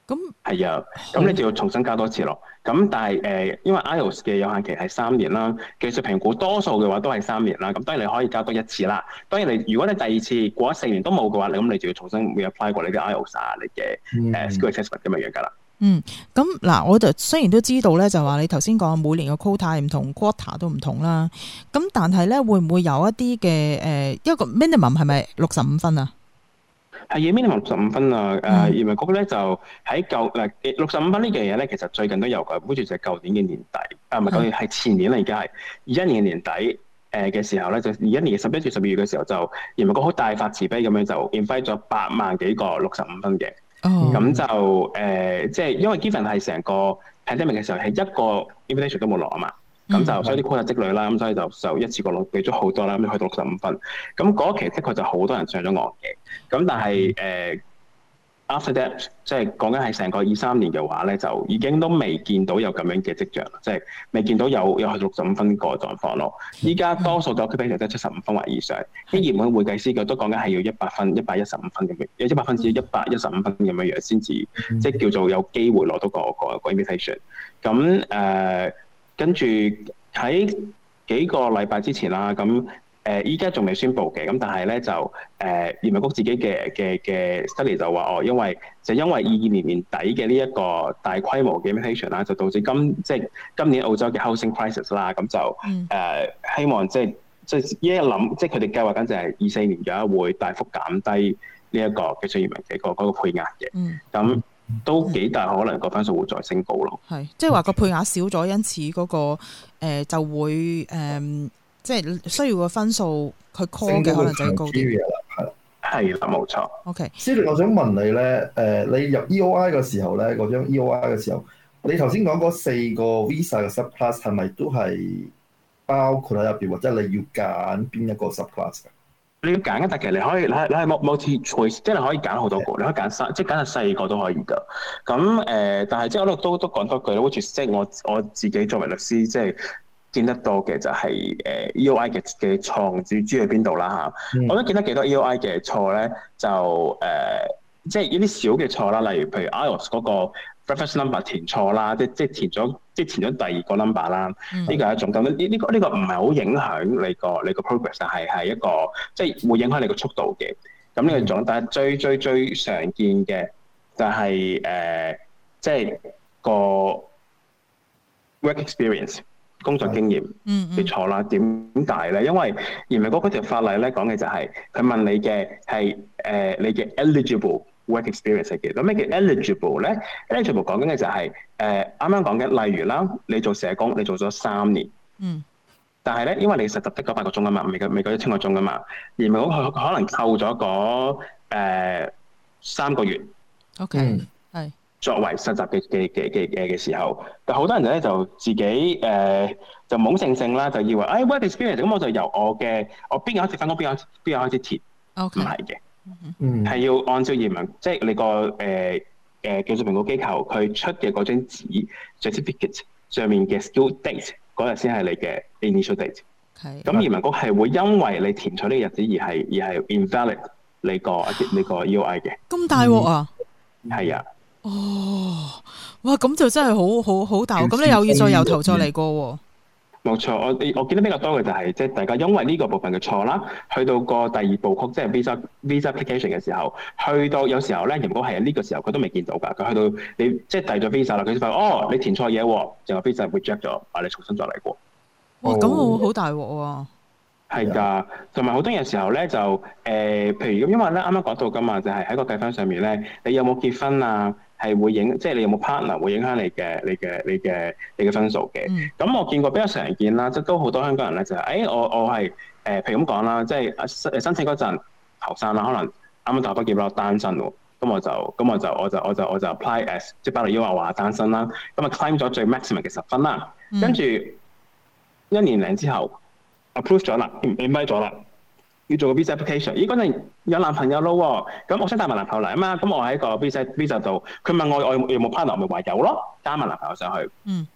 咁係啊，咁那你就要重新加多次咯。咁的但係誒、呃，因為 Ios 嘅有限期係三年啦，技術評估多數嘅話都係三年啦。咁當然你可以加多一次啦。當然你如果你第二次過咗四年都冇嘅話，你咁你就要重新 apply 過你嘅 Ios 啊，你嘅 skill assessment 咁樣樣噶啦。嗯。咁嗱、啊，我就雖然都知道咧，就話你頭先講每年嘅 quota 唔同，quota 都唔同啦。咁但係咧，會唔會有一啲嘅誒一個 minimum 係咪六十五分啊？係，minimum 六十五分啊！誒、嗯，移民局咧就喺舊嗱六十五分呢樣嘢咧，其實最近都有嘅，好似就係舊年嘅年底，啊唔係舊年係、嗯、前年啦、呃，而家係二一年嘅年底誒嘅時候咧，就二一年十一至十二月嘅時候就移民局好大發慈悲咁樣就 invite 咗八萬幾個六十五分嘅，咁、oh. 就誒、呃、即係因為 given 係成個 pandemic 嘅時候係一個 invitation 都冇攞啊嘛。咁就所以啲 quota 積累啦，咁、嗯、所以就所以就一次過攞俾咗好多啦，咁都去到六十五分。咁嗰期的確就好多人上咗岸嘅。咁但係誒、嗯呃、after that 即係講緊係成個二三年嘅話咧，就已經都未見到有咁樣嘅跡象，即、就、係、是、未見到有有去六十五分個狀況咯。依家多數嘅 application 都七十五分或以上，啲熱門會計師嘅都講緊係要一百分、一百一十五分咁樣，一百分至一百一十五分咁樣樣先至，即係叫做有機會攞到、嗰個、嗰個 invitation。咁誒。呃跟住喺幾個禮拜之前啦，咁誒依家仲未宣佈嘅，咁但係咧就誒移民局自己嘅嘅嘅 study 就話哦，因為就因為二二年年底嘅呢一個大規模嘅 migration 啦，就導致今即係今年澳洲嘅 housing crisis 啦，咁就誒希望即係即係依一諗，即係佢哋計劃緊就係二四年有一會大幅減低呢、這、一個嘅出移民嘅個嗰配額嘅，咁、嗯。嗯都幾大可能個分數會再升高咯。係，即係話個配額少咗，因此嗰、那個、呃、就會誒、呃，即係需要個分數去 call 嘅可能就高啲嘅啦。係啦，冇錯。OK，斯玲，我想問你咧，誒、呃，你入 E O I 嘅時候咧，嗰張 E O I 嘅時候，你頭先講嗰四個 visa 嘅 subclass 係咪都係包括喺入邊，或者你要揀邊一個 subclass？你要揀一但係其實你可以，你係你係冇冇 choice，即係你可以揀好多個，你可以揀的三，即係揀下細個都可以嘅。咁誒、呃，但係即係我都都講多句，我覺得即係我我自己作為律師，即係見得多嘅就係誒 EOI 嘅嘅錯主要喺邊度啦嚇。我都見得幾多 EOI 嘅錯咧，就誒、呃，即係一啲小嘅錯啦，例如譬如 iOS 嗰、那個。Reference number 填錯啦，即、就、即、是、填咗即、就是、填咗第二個 number 啦、mm，呢、hmm。呢個係一種咁呢呢個呢個唔係好影響你個你個 progress，但係一個即、就是、會影響你個速度嘅。咁呢個種，但係最最最常見嘅就係誒即個 work experience 工作經驗，嗯你錯啦點解咧？因為原來嗰條法例咧講嘅就係、是、佢問你嘅係誒你嘅 eligible。work experience 係嘅。咁咩叫 eligible 咧？eligible 講緊嘅就係誒啱啱講緊，例如啦，你做社工，你做咗三年，嗯，但係咧，因為你實習得嗰八個鐘啊嘛，未夠一千個鐘啊嘛，而咪可能扣咗嗰三個月，OK，係作為實習嘅嘅嘅嘅嘅嘅時候，但好多人咧就自己誒就懵性性啦，就以為誒 work experience，咁我就由我嘅我邊日開始返工，邊有邊有開始填，OK，係嘅。係、mm hmm. 要按照移民局，即係你個誒誒叫做評估機構，佢出嘅嗰張紙 certificate 上面嘅 s due date 嗰日先係你嘅 initial date。係，咁移民局係會因為你填取呢個日子而係而係 invalid 你個 你個 U I 嘅。咁大鑊啊！係啊、嗯！哦，哇！咁就真係好好好大鑊，咁你又要再由頭再嚟過。嗯冇錯，我我見得比較多嘅就係即係大家因為呢個部分嘅錯啦，去到個第二部曲，即係 visa visa application 嘅時候，去到有時候咧，如果係呢個時候佢都未見到㗎，佢去到你即係遞咗 visa 啦，佢就發現哦，你填錯嘢喎，然後 visa reject 咗，話你重新再嚟過。哇、哦，咁好大鑊喎！係㗎，同埋好多嘢時候咧，就誒、呃，譬如咁，因為咧，啱啱講到㗎嘛，就係、是、喺個計分上面咧，你有冇結婚啊？係會影，即係你有冇 partner 會影響你嘅、你嘅、你嘅、你嘅分數嘅。咁、嗯、我見過比較常見啦，即都好多香港人咧就係、是，誒、哎、我我係誒、呃、譬如咁講啦，即係申申請嗰陣學生啦，可能啱啱大學畢業啦，單身喎，咁我就咁我就我就我就我就，就 apply as 即係保留語話話單身啦，咁啊 claim 咗最 maximum 嘅十分啦，嗯、跟住一年零之後 approve 咗啦，claim 咗啦。要做個 visa application，咦？嗰陣有男朋友咯喎，咁我想帶埋男朋友嚟啊嘛。咁我喺個 visa visa 度，佢問我，我有冇 partner，咪話有咯，加埋男朋友上去。嗯。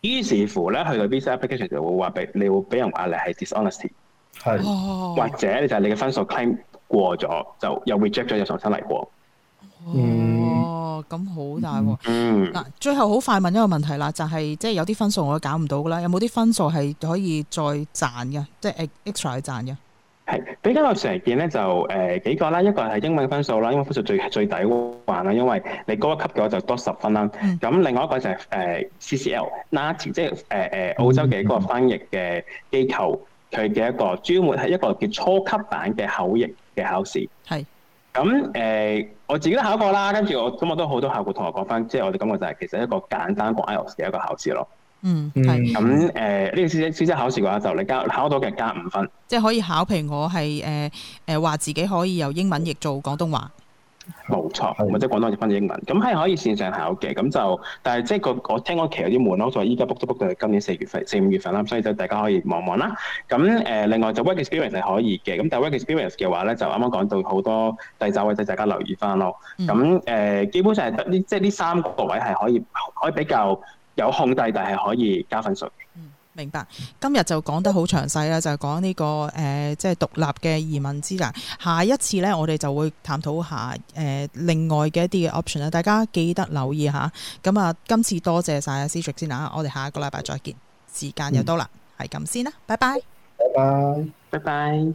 於是乎咧，佢個 visa application 就會話俾你會俾人話你係 dishonesty，係是，哦、或者你就係你嘅分數 claim 過咗就又 reject 咗，又重新嚟過。哦，咁好大喎。嗱、哦，嗯、最後好快問一個問題啦，就係、是、即係有啲分數我都搞唔到噶啦，有冇啲分數係可以再賺嘅，即係 extra 去賺嘅？係比較耐常見咧，就誒、呃、幾個啦，一個係英文分數啦，英文分數最最底環啦，因為你高一級嘅話就多十分啦。咁是另外一個就係、是、誒、呃、CCL NAATI 即係誒誒澳洲嘅一個翻譯嘅機構，佢嘅、嗯、一個專門係一個叫初級版嘅口譯嘅考試。係是。咁誒、呃，我自己都考過啦，跟住我今日都好多客戶同我講返，即係我哋感覺就係其實一個簡單過 IELTS 嘅一個考試咯。嗯，係咁誒，呢、嗯呃這個師姐師姐考試嘅話，就你加考到嘅加五分，即係可以考譬如我係誒誒話自己可以由英文譯做廣東話，冇錯，或、就、者、是、廣東話譯翻英文，咁係可以線上考嘅，咁就但係即係個我聽講期有啲悶咯，所以依家 book 都 book 到今年四月份、四五月份啦，所以就大家可以望望啦。咁誒、呃，另外就 work experience 係可以嘅，咁但係 work experience 嘅話咧，就啱啱講到好多第找位，都大家留意翻咯。咁誒、嗯呃，基本上係得呢，即係呢三個位係可以可以比較。有控制，但係可以加分數。嗯，明白。今日就講得好詳細啦，就講呢、這個誒、呃，即係獨立嘅移民資格。下一次呢，我哋就會探討下誒、呃，另外嘅一啲嘅 option 啦。大家記得留意吓。咁啊，今次多謝晒 Cedric 先啦。我哋下一個禮拜再見。時間又到啦，係咁、嗯、先啦，拜拜。拜拜，拜拜。